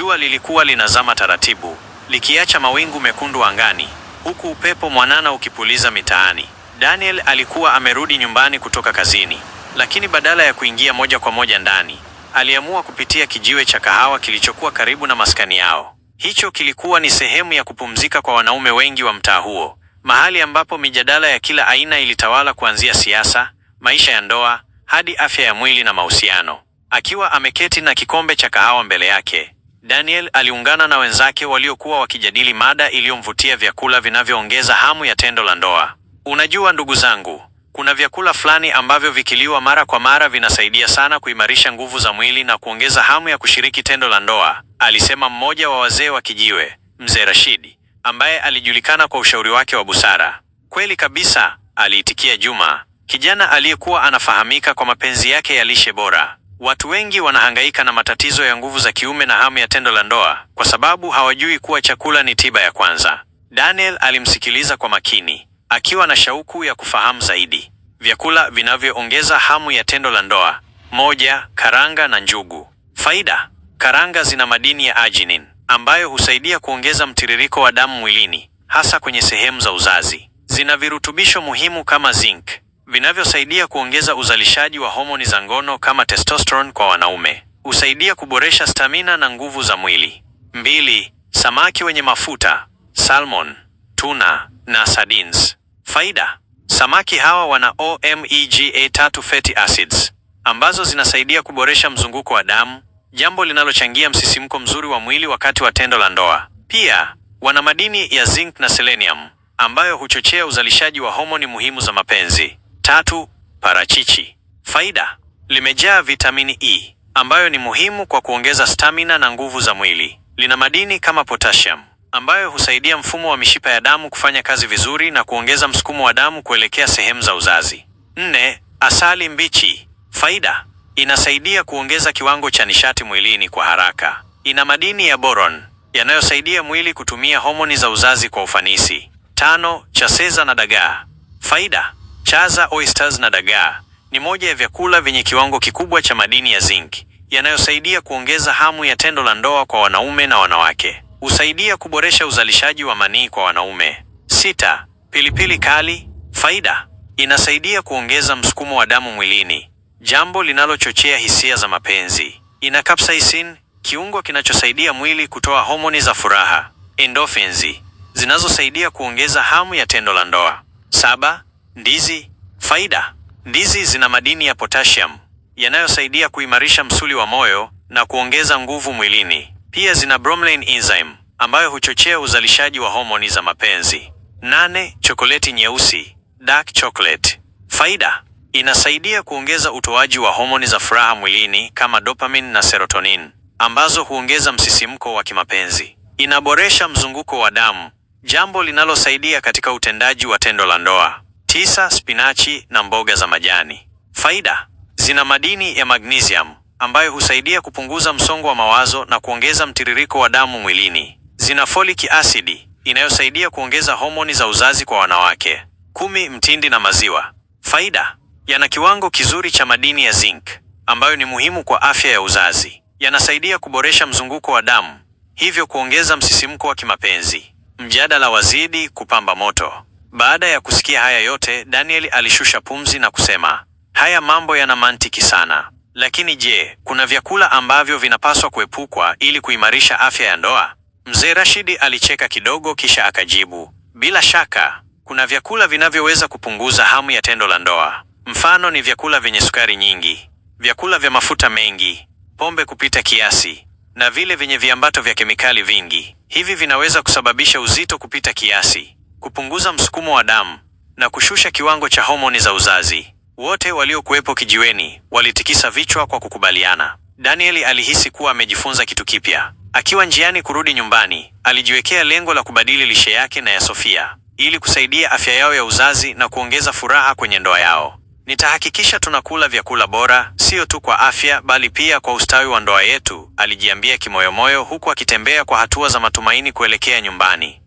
Jua lilikuwa linazama taratibu, likiacha mawingu mekundu angani, huku upepo mwanana ukipuliza mitaani. Daniel alikuwa amerudi nyumbani kutoka kazini, lakini badala ya kuingia moja kwa moja ndani, aliamua kupitia kijiwe cha kahawa kilichokuwa karibu na maskani yao. Hicho kilikuwa ni sehemu ya kupumzika kwa wanaume wengi wa mtaa huo, mahali ambapo mijadala ya kila aina ilitawala kuanzia siasa, maisha ya ndoa, hadi afya ya mwili na mahusiano. Akiwa ameketi na kikombe cha kahawa mbele yake, Daniel aliungana na wenzake waliokuwa wakijadili mada iliyomvutia, vyakula vinavyoongeza hamu ya tendo la ndoa. Unajua ndugu zangu, kuna vyakula fulani ambavyo vikiliwa mara kwa mara vinasaidia sana kuimarisha nguvu za mwili na kuongeza hamu ya kushiriki tendo la ndoa, alisema mmoja wa wazee wa kijiwe, mzee Rashidi, ambaye alijulikana kwa ushauri wake wa busara. Kweli kabisa, aliitikia Juma, kijana aliyekuwa anafahamika kwa mapenzi yake ya lishe bora. Watu wengi wanahangaika na matatizo ya nguvu za kiume na hamu ya tendo la ndoa kwa sababu hawajui kuwa chakula ni tiba ya kwanza. Daniel alimsikiliza kwa makini, akiwa na shauku ya kufahamu zaidi. Vyakula vinavyoongeza hamu ya tendo la ndoa: moja, karanga na njugu. Faida: karanga zina madini ya arginine ambayo husaidia kuongeza mtiririko wa damu mwilini, hasa kwenye sehemu za uzazi. Zina virutubisho muhimu kama zinc, vinavyosaidia kuongeza uzalishaji wa homoni za ngono kama testosterone kwa wanaume. Husaidia kuboresha stamina na nguvu za mwili. Mbili, samaki wenye mafuta, salmon, tuna na sardines. Faida: samaki hawa wana omega-3 fatty acids ambazo zinasaidia kuboresha mzunguko wa damu, jambo linalochangia msisimko mzuri wa mwili wakati wa tendo la ndoa. Pia wana madini ya zinc na selenium ambayo huchochea uzalishaji wa homoni muhimu za mapenzi. Tatu, parachichi. Faida: limejaa vitamini E ambayo ni muhimu kwa kuongeza stamina na nguvu za mwili. Lina madini kama potassium ambayo husaidia mfumo wa mishipa ya damu kufanya kazi vizuri na kuongeza msukumo wa damu kuelekea sehemu za uzazi. Nne, asali mbichi. Faida: inasaidia kuongeza kiwango cha nishati mwilini kwa haraka. Ina madini ya boron yanayosaidia mwili kutumia homoni za uzazi kwa ufanisi. Tano, chaseza na dagaa. Faida: Chaza, oysters na dagaa ni moja ya vyakula vyenye kiwango kikubwa cha madini ya zinki yanayosaidia kuongeza hamu ya tendo la ndoa kwa wanaume na wanawake. Husaidia kuboresha uzalishaji wa manii kwa wanaume. Sita, pilipili kali. Faida: inasaidia kuongeza msukumo wa damu mwilini, jambo linalochochea hisia za mapenzi. Ina capsaicin, kiungo kinachosaidia mwili kutoa homoni za furaha endorphins, zinazosaidia kuongeza hamu ya tendo la ndoa. Saba, Ndizi. Faida: ndizi zina madini ya potassium yanayosaidia kuimarisha msuli wa moyo na kuongeza nguvu mwilini. Pia zina bromelain enzyme ambayo huchochea uzalishaji wa homoni za mapenzi. Nane. Chokoleti nyeusi, dark chocolate. Faida: inasaidia kuongeza utoaji wa homoni za furaha mwilini kama dopamine na serotonin ambazo huongeza msisimko wa kimapenzi. Inaboresha mzunguko wa damu, jambo linalosaidia katika utendaji wa tendo la ndoa. Tisa, spinachi na mboga za majani. Faida: zina madini ya magnesium ambayo husaidia kupunguza msongo wa mawazo na kuongeza mtiririko wa damu mwilini. Zina folic acid inayosaidia kuongeza homoni za uzazi kwa wanawake. Kumi, mtindi na maziwa. Faida: yana kiwango kizuri cha madini ya zinc ambayo ni muhimu kwa afya ya uzazi. Yanasaidia kuboresha mzunguko wa damu, hivyo kuongeza msisimko wa kimapenzi. Mjadala wazidi kupamba moto. Baada ya kusikia haya yote, Daniel alishusha pumzi na kusema, haya mambo yana mantiki sana, lakini je, kuna vyakula ambavyo vinapaswa kuepukwa ili kuimarisha afya ya ndoa? Mzee Rashidi alicheka kidogo, kisha akajibu, bila shaka kuna vyakula vinavyoweza kupunguza hamu ya tendo la ndoa. Mfano ni vyakula vyenye sukari nyingi, vyakula vya mafuta mengi, pombe kupita kiasi na vile vyenye viambato vya kemikali vingi. Hivi vinaweza kusababisha uzito kupita kiasi kupunguza msukumo wa damu na kushusha kiwango cha homoni za uzazi. Wote waliokuwepo kijiweni walitikisa vichwa kwa kukubaliana. Daniel alihisi kuwa amejifunza kitu kipya. Akiwa njiani kurudi nyumbani, alijiwekea lengo la kubadili lishe yake na ya Sofia ili kusaidia afya yao ya uzazi na kuongeza furaha kwenye ndoa yao. Nitahakikisha tunakula vyakula bora, siyo tu kwa afya bali pia kwa ustawi wa ndoa yetu, alijiambia kimoyomoyo, huku akitembea kwa hatua za matumaini kuelekea nyumbani.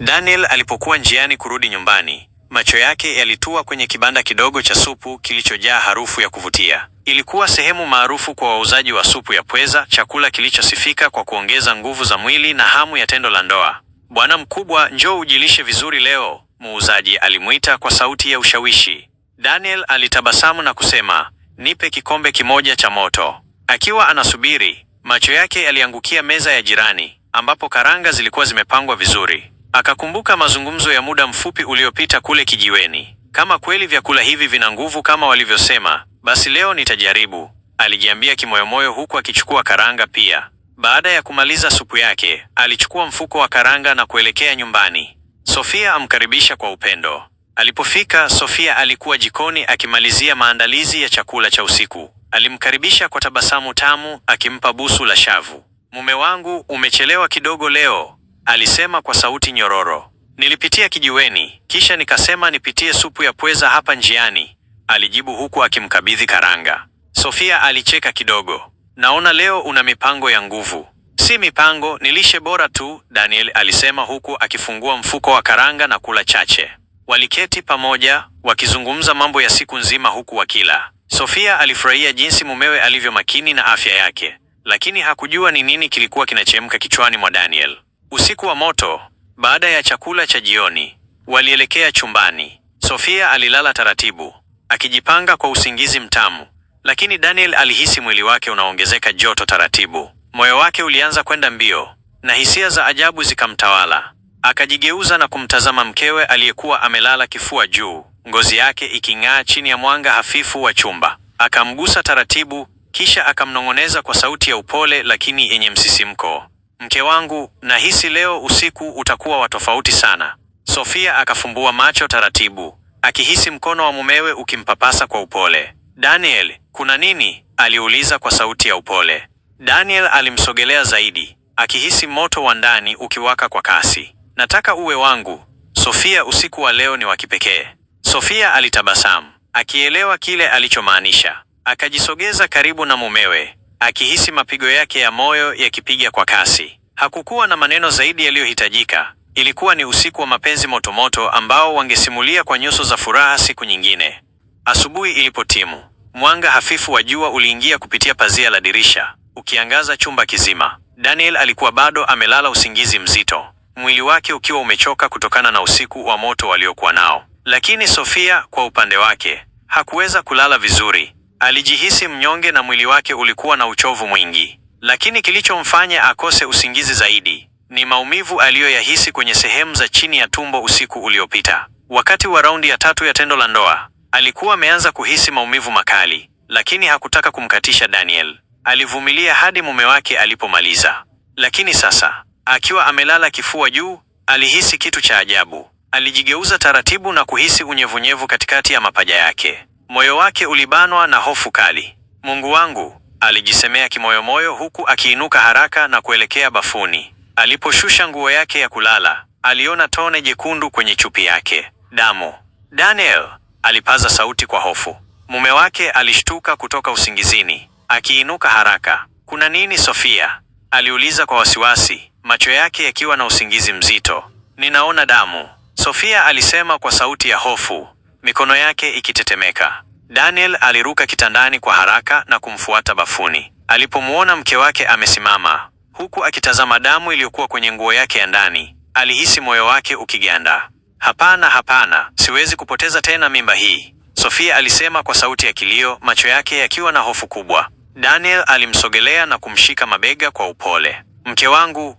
Daniel alipokuwa njiani kurudi nyumbani, macho yake yalitua kwenye kibanda kidogo cha supu kilichojaa harufu ya kuvutia. Ilikuwa sehemu maarufu kwa wauzaji wa supu ya pweza, chakula kilichosifika kwa kuongeza nguvu za mwili na hamu ya tendo la ndoa. Bwana mkubwa, njoo ujilishe vizuri leo, muuzaji alimwita kwa sauti ya ushawishi. Daniel alitabasamu na kusema, nipe kikombe kimoja cha moto. Akiwa anasubiri, macho yake yaliangukia meza ya jirani ambapo karanga zilikuwa zimepangwa vizuri. Akakumbuka mazungumzo ya muda mfupi uliopita kule kijiweni. Kama kweli vyakula hivi vina nguvu kama walivyosema, basi leo nitajaribu, alijiambia kimoyomoyo, huku akichukua karanga pia. Baada ya kumaliza supu yake, alichukua mfuko wa karanga na kuelekea nyumbani. Sofia amkaribisha kwa upendo. Alipofika, Sofia alikuwa jikoni akimalizia maandalizi ya chakula cha usiku. Alimkaribisha kwa tabasamu tamu, akimpa busu la shavu. Mume wangu, umechelewa kidogo leo alisema kwa sauti nyororo. Nilipitia kijiweni, kisha nikasema nipitie supu ya pweza hapa njiani, alijibu huku akimkabidhi karanga. Sofia alicheka kidogo. Naona leo una mipango ya nguvu. Si mipango, ni lishe bora tu, Daniel alisema huku akifungua mfuko wa karanga na kula chache. Waliketi pamoja wakizungumza mambo ya siku nzima huku wakila. Sofia alifurahia jinsi mumewe alivyo makini na afya yake, lakini hakujua ni nini kilikuwa kinachemka kichwani mwa Daniel. Usiku wa moto, baada ya chakula cha jioni, walielekea chumbani. Sofia alilala taratibu, akijipanga kwa usingizi mtamu, lakini Daniel alihisi mwili wake unaongezeka joto taratibu. Moyo wake ulianza kwenda mbio na hisia za ajabu zikamtawala. Akajigeuza na kumtazama mkewe aliyekuwa amelala kifua juu, ngozi yake iking'aa chini ya mwanga hafifu wa chumba. Akamgusa taratibu, kisha akamnong'oneza kwa sauti ya upole lakini yenye msisimko, Mke wangu, nahisi leo usiku utakuwa wa tofauti sana. Sofia akafumbua macho taratibu, akihisi mkono wa mumewe ukimpapasa kwa upole. Daniel, kuna nini? aliuliza kwa sauti ya upole. Daniel alimsogelea zaidi, akihisi moto wa ndani ukiwaka kwa kasi. Nataka uwe wangu Sofia, usiku wa leo ni wa kipekee. Sofia alitabasamu, akielewa kile alichomaanisha. Akajisogeza karibu na mumewe, akihisi mapigo yake ya moyo yakipiga kwa kasi. Hakukuwa na maneno zaidi yaliyohitajika. Ilikuwa ni usiku wa mapenzi motomoto ambao wangesimulia kwa nyuso za furaha siku nyingine. Asubuhi ilipotimu, mwanga hafifu wa jua uliingia kupitia pazia la dirisha, ukiangaza chumba kizima. Daniel alikuwa bado amelala usingizi mzito, mwili wake ukiwa umechoka kutokana na usiku wa moto waliokuwa nao. Lakini Sofia kwa upande wake hakuweza kulala vizuri. Alijihisi mnyonge na mwili wake ulikuwa na uchovu mwingi, lakini kilichomfanya akose usingizi zaidi ni maumivu aliyoyahisi kwenye sehemu za chini ya tumbo usiku uliopita. Wakati wa raundi ya tatu ya tendo la ndoa, alikuwa ameanza kuhisi maumivu makali, lakini hakutaka kumkatisha Daniel. Alivumilia hadi mume wake alipomaliza. Lakini sasa, akiwa amelala kifua juu, alihisi kitu cha ajabu. Alijigeuza taratibu na kuhisi unyevunyevu katikati ya mapaja yake. Moyo wake ulibanwa na hofu kali. Mungu wangu, alijisemea kimoyomoyo, huku akiinuka haraka na kuelekea bafuni. Aliposhusha nguo yake ya kulala, aliona tone jekundu kwenye chupi yake. Damu! Daniel, alipaza sauti kwa hofu. Mume wake alishtuka kutoka usingizini, akiinuka haraka. Kuna nini Sofia? aliuliza kwa wasiwasi, macho yake yakiwa na usingizi mzito. Ninaona damu, Sofia alisema kwa sauti ya hofu mikono yake ikitetemeka. Daniel aliruka kitandani kwa haraka na kumfuata bafuni. Alipomwona mke wake amesimama huku akitazama damu iliyokuwa kwenye nguo yake ya ndani, alihisi moyo wake ukiganda. Hapana, hapana, siwezi kupoteza tena mimba hii, Sofia alisema kwa sauti ya kilio, macho yake yakiwa na hofu kubwa. Daniel alimsogelea na kumshika mabega kwa upole. Mke wangu,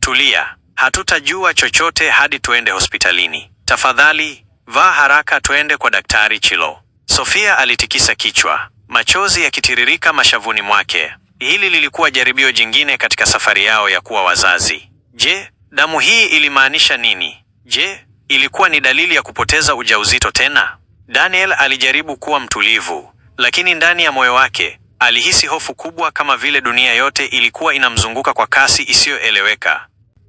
tulia, hatutajua chochote hadi tuende hospitalini. Tafadhali va haraka, twende kwa daktari Chilo. Sofia alitikisa kichwa, machozi yakitiririka mashavuni mwake. Hili lilikuwa jaribio jingine katika safari yao ya kuwa wazazi. Je, damu hii ilimaanisha nini? Je, ilikuwa ni dalili ya kupoteza ujauzito tena? Daniel alijaribu kuwa mtulivu, lakini ndani ya moyo wake alihisi hofu kubwa, kama vile dunia yote ilikuwa inamzunguka kwa kasi isiyoeleweka.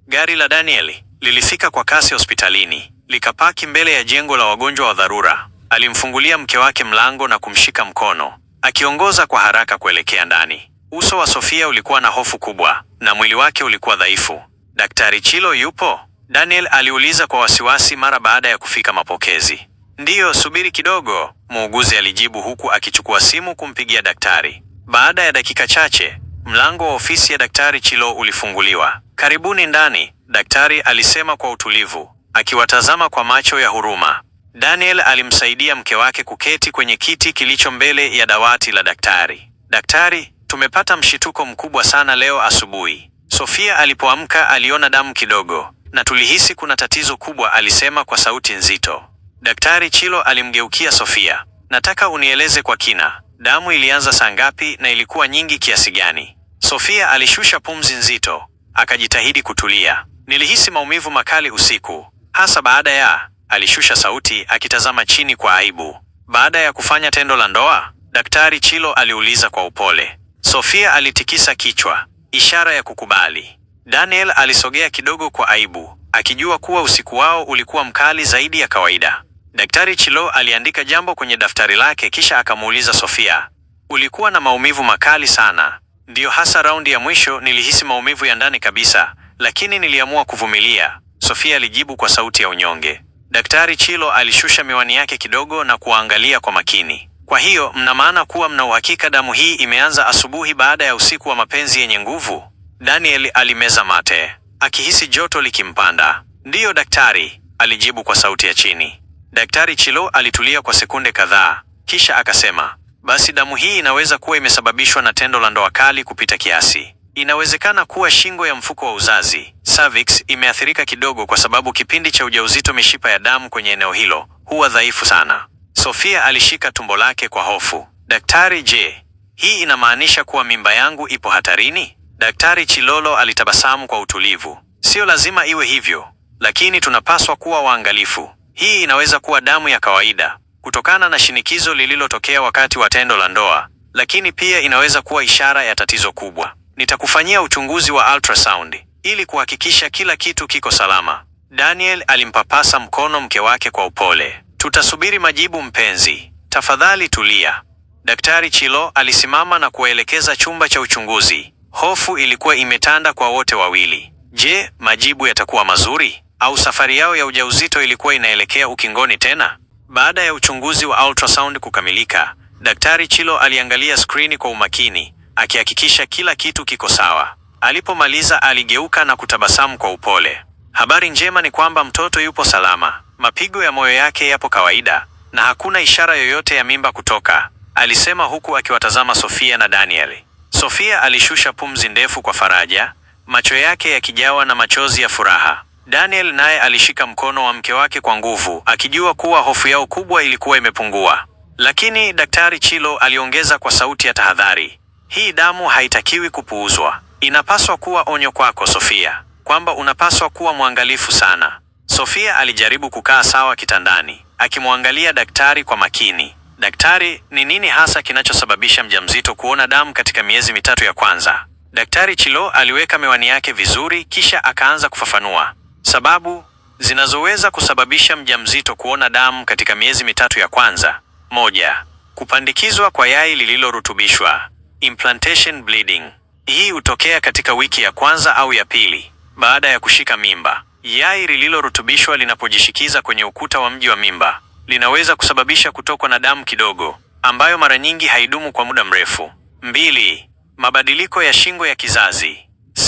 Gari la Daniel lilifika kwa kasi hospitalini likapaki mbele ya jengo la wagonjwa wa dharura. Alimfungulia mke wake mlango na kumshika mkono, akiongoza kwa haraka kuelekea ndani. Uso wa Sofia ulikuwa na hofu kubwa na mwili wake ulikuwa dhaifu. Daktari Chilo yupo? Daniel aliuliza kwa wasiwasi mara baada ya kufika mapokezi. Ndiyo, subiri kidogo, muuguzi alijibu huku akichukua simu kumpigia daktari. Baada ya dakika chache, mlango wa ofisi ya daktari Chilo ulifunguliwa. Karibuni ndani, daktari alisema kwa utulivu, akiwatazama kwa macho ya huruma. Daniel alimsaidia mke wake kuketi kwenye kiti kilicho mbele ya dawati la daktari. Daktari, tumepata mshituko mkubwa sana leo asubuhi. Sofia alipoamka aliona damu kidogo na tulihisi kuna tatizo kubwa, alisema kwa sauti nzito. Daktari Chilo alimgeukia Sofia. Nataka unieleze kwa kina, damu ilianza saa ngapi na ilikuwa nyingi kiasi gani? Sofia alishusha pumzi nzito, akajitahidi kutulia. Nilihisi maumivu makali usiku, hasa baada ya, alishusha sauti akitazama chini kwa aibu. Baada ya kufanya tendo la ndoa? Daktari Chilo aliuliza kwa upole. Sofia alitikisa kichwa, ishara ya kukubali. Daniel alisogea kidogo kwa aibu, akijua kuwa usiku wao ulikuwa mkali zaidi ya kawaida. Daktari Chilo aliandika jambo kwenye daftari lake kisha akamuuliza Sofia, ulikuwa na maumivu makali sana. Ndiyo, hasa raundi ya mwisho nilihisi maumivu ya ndani kabisa, lakini niliamua kuvumilia. Sofia alijibu kwa sauti ya unyonge. Daktari Chilo alishusha miwani yake kidogo na kuwaangalia kwa makini. Kwa hiyo mna maana kuwa mna uhakika damu hii imeanza asubuhi baada ya usiku wa mapenzi yenye nguvu? Daniel alimeza mate akihisi joto likimpanda. Ndiyo daktari, alijibu kwa sauti ya chini. Daktari Chilo alitulia kwa sekunde kadhaa, kisha akasema, basi damu hii inaweza kuwa imesababishwa na tendo la ndoa kali kupita kiasi. Inawezekana kuwa shingo ya mfuko wa uzazi cervix imeathirika kidogo kwa sababu kipindi cha ujauzito mishipa ya damu kwenye eneo hilo huwa dhaifu sana. Sofia alishika tumbo lake kwa hofu. Daktari, je, hii inamaanisha kuwa mimba yangu ipo hatarini? Daktari Chilolo alitabasamu kwa utulivu. Sio lazima iwe hivyo, lakini tunapaswa kuwa waangalifu. Hii inaweza kuwa damu ya kawaida kutokana na shinikizo lililotokea wakati wa tendo la ndoa, lakini pia inaweza kuwa ishara ya tatizo kubwa. Nitakufanyia uchunguzi wa ultrasound ili kuhakikisha kila kitu kiko salama, Daniel alimpapasa mkono mke wake kwa upole. Tutasubiri majibu mpenzi, tafadhali tulia. Daktari Chilo alisimama na kuwaelekeza chumba cha uchunguzi. Hofu ilikuwa imetanda kwa wote wawili. Je, majibu yatakuwa mazuri au safari yao ya ujauzito ilikuwa inaelekea ukingoni tena? Baada ya uchunguzi wa ultrasound kukamilika, Daktari Chilo aliangalia skrini kwa umakini, akihakikisha kila kitu kiko sawa. Alipomaliza aligeuka na kutabasamu kwa upole. Habari njema ni kwamba mtoto yupo salama, mapigo ya moyo yake yapo kawaida na hakuna ishara yoyote ya mimba kutoka, alisema huku akiwatazama Sofia na Daniel. Sofia alishusha pumzi ndefu kwa faraja, macho yake yakijawa na machozi ya furaha. Daniel naye alishika mkono wa mke wake kwa nguvu, akijua kuwa hofu yao kubwa ilikuwa imepungua. Lakini Daktari Chilo aliongeza kwa sauti ya tahadhari, hii damu haitakiwi kupuuzwa. Inapaswa kuwa onyo kwako Sofia, kwamba unapaswa kuwa mwangalifu sana. Sofia alijaribu kukaa sawa kitandani, akimwangalia daktari kwa makini. Daktari, ni nini hasa kinachosababisha mjamzito kuona damu katika miezi mitatu ya kwanza? Daktari Chilo aliweka miwani yake vizuri kisha akaanza kufafanua. Sababu zinazoweza kusababisha mjamzito kuona damu katika miezi mitatu ya kwanza. Moja, kupandikizwa kwa yai lililorutubishwa, implantation bleeding. Hii hutokea katika wiki ya kwanza au ya pili baada ya kushika mimba. Yai lililorutubishwa linapojishikiza kwenye ukuta wa mji wa mimba linaweza kusababisha kutokwa na damu kidogo, ambayo mara nyingi haidumu kwa muda mrefu. Mbili, mabadiliko ya shingo ya kizazi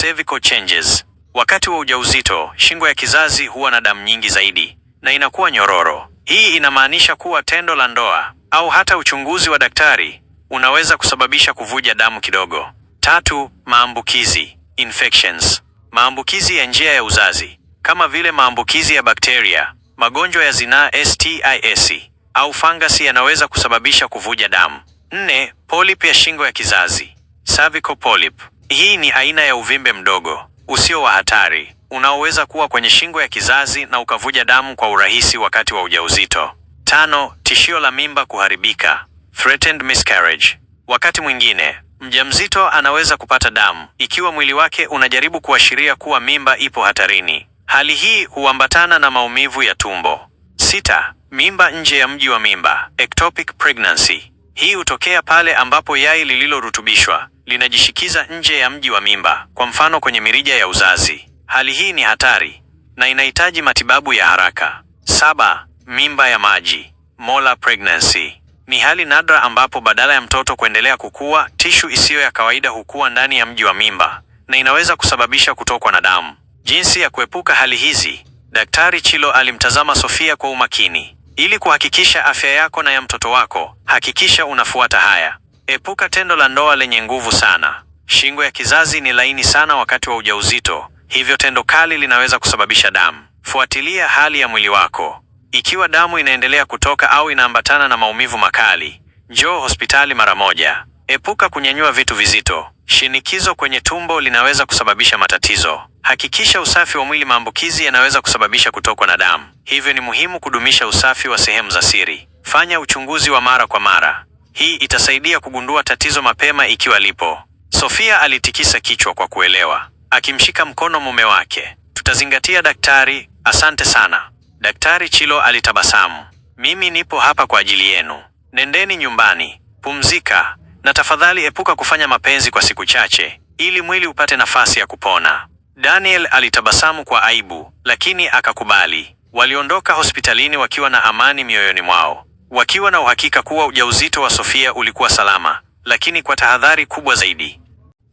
cervical changes. Wakati wa ujauzito, shingo ya kizazi huwa na damu nyingi zaidi na inakuwa nyororo. Hii inamaanisha kuwa tendo la ndoa au hata uchunguzi wa daktari unaweza kusababisha kuvuja damu kidogo. Tatu, maambukizi infections. Maambukizi ya njia ya uzazi kama vile maambukizi ya bakteria, magonjwa ya zinaa STIs e, au fangasi yanaweza kusababisha kuvuja damu. Nne, polyp ya shingo ya kizazi cervical polyp. Hii ni aina ya uvimbe mdogo usio wa hatari unaoweza kuwa kwenye shingo ya kizazi na ukavuja damu kwa urahisi wakati wa ujauzito. Tano, tishio la mimba kuharibika threatened miscarriage. Wakati mwingine Mjamzito anaweza kupata damu ikiwa mwili wake unajaribu kuashiria kuwa mimba ipo hatarini. Hali hii huambatana na maumivu ya tumbo. Sita, mimba nje ya mji wa mimba, ectopic pregnancy. Hii hutokea pale ambapo yai lililorutubishwa linajishikiza nje ya mji wa mimba, kwa mfano kwenye mirija ya uzazi. Hali hii ni hatari na inahitaji matibabu ya haraka. Saba, mimba ya maji, molar pregnancy. Ni hali nadra ambapo badala ya mtoto kuendelea kukua, tishu isiyo ya kawaida hukua ndani ya mji wa mimba na inaweza kusababisha kutokwa na damu. Jinsi ya kuepuka hali hizi, Daktari Chilo alimtazama Sofia kwa umakini. Ili kuhakikisha afya yako na ya mtoto wako, hakikisha unafuata haya. Epuka tendo la ndoa lenye nguvu sana. Shingo ya kizazi ni laini sana wakati wa ujauzito, hivyo tendo kali linaweza kusababisha damu. Fuatilia hali ya mwili wako. Ikiwa damu inaendelea kutoka au inaambatana na maumivu makali, njoo hospitali mara moja. Epuka kunyanyua vitu vizito. Shinikizo kwenye tumbo linaweza kusababisha matatizo. Hakikisha usafi wa mwili. Maambukizi yanaweza kusababisha kutokwa na damu, hivyo ni muhimu kudumisha usafi wa sehemu za siri. Fanya uchunguzi wa mara kwa mara. Hii itasaidia kugundua tatizo mapema ikiwa lipo. Sofia alitikisa kichwa kwa kuelewa, akimshika mkono mume wake. Tutazingatia daktari, asante sana. Daktari Chilo alitabasamu. Mimi nipo hapa kwa ajili yenu. Nendeni nyumbani, pumzika na tafadhali epuka kufanya mapenzi kwa siku chache ili mwili upate nafasi ya kupona. Daniel alitabasamu kwa aibu, lakini akakubali. Waliondoka hospitalini wakiwa na amani mioyoni mwao, wakiwa na uhakika kuwa ujauzito wa Sofia ulikuwa salama, lakini kwa tahadhari kubwa zaidi.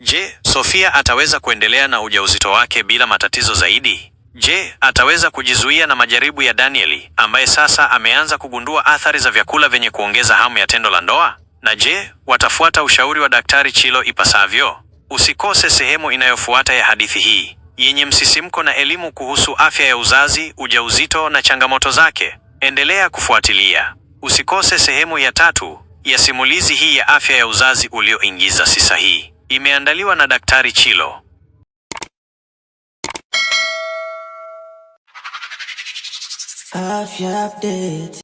Je, Sofia ataweza kuendelea na ujauzito wake bila matatizo zaidi? Je, ataweza kujizuia na majaribu ya Danieli ambaye sasa ameanza kugundua athari za vyakula vyenye kuongeza hamu ya tendo la ndoa? Na je, watafuata ushauri wa Daktari Chilo ipasavyo? Usikose sehemu inayofuata ya hadithi hii yenye msisimko na elimu kuhusu afya ya uzazi, ujauzito na changamoto zake. Endelea kufuatilia. Usikose sehemu ya tatu ya simulizi hii ya afya ya uzazi ulioingiza si sahihi. Imeandaliwa na Daktari Chilo. Five-year it?